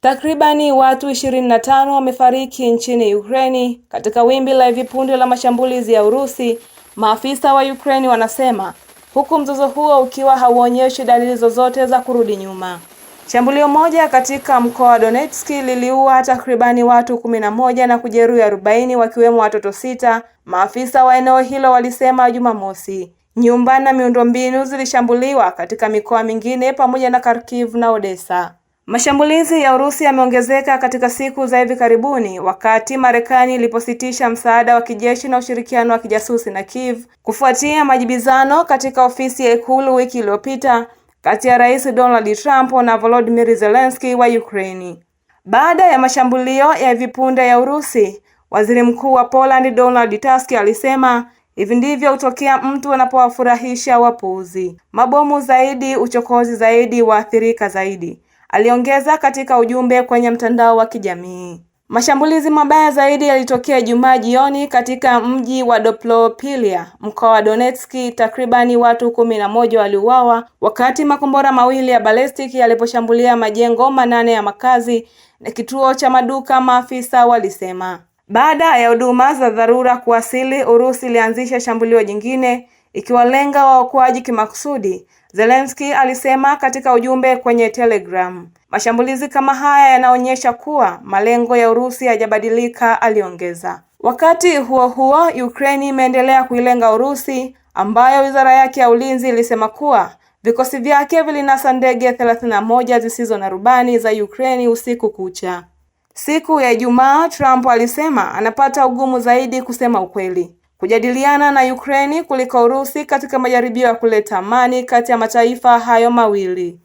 Takribani watu ishirini na wamefariki nchini ukraini katika wimbi la hivi punde la mashambulizi ya Urusi, maafisa wa ukraini wanasema, huku mzozo huo ukiwa hauonyeshi dalili zozote za kurudi nyuma. Shambulio moja katika mkoa wa Donetsk liliua takribani watu kumi na moja na kujeruhi arobaini wakiwemo watoto sita, maafisa wa eneo hilo walisema Jumamosi. Nyumba na miundombinu zilishambuliwa katika mikoa mingine pamoja na Kharkiv na Odessa. Mashambulizi ya Urusi yameongezeka katika siku za hivi karibuni wakati Marekani ilipositisha msaada wa kijeshi na ushirikiano wa kijasusi na Kiev kufuatia majibizano katika ofisi ya Ikulu wiki iliyopita kati ya Rais Donald Trump na Volodymyr Zelensky wa Ukraine. Baada ya mashambulio ya hivi punde ya Urusi, Waziri Mkuu wa Poland Donald Tusk alisema hivi ndivyo hutokea mtu anapowafurahisha wapuuzi: mabomu zaidi, uchokozi zaidi, waathirika zaidi aliongeza katika ujumbe kwenye mtandao wa kijamii. Mashambulizi mabaya zaidi yalitokea Ijumaa jioni katika mji wa Doplopilia, mkoa wa Donetsk. Takribani watu kumi na moja waliuawa wakati makombora mawili ya balistiki yaliposhambulia majengo manane ya makazi na kituo cha maduka, maafisa walisema. Baada ya huduma za dharura kuwasili, Urusi ilianzisha shambulio jingine ikiwalenga waokoaji kimakusudi, Zelensky alisema katika ujumbe kwenye Telegram. Mashambulizi kama haya yanaonyesha kuwa malengo ya Urusi hayajabadilika, aliongeza. Wakati huo huo, Ukraine imeendelea kuilenga Urusi ambayo wizara yake ya ulinzi ilisema kuwa vikosi vyake vilinasa ndege 31 zisizo na rubani za Ukraine usiku kucha. Siku ya Ijumaa, Trump alisema anapata ugumu zaidi kusema ukweli kujadiliana na Ukraine kuliko Urusi katika majaribio ya kuleta amani kati ya mataifa hayo mawili.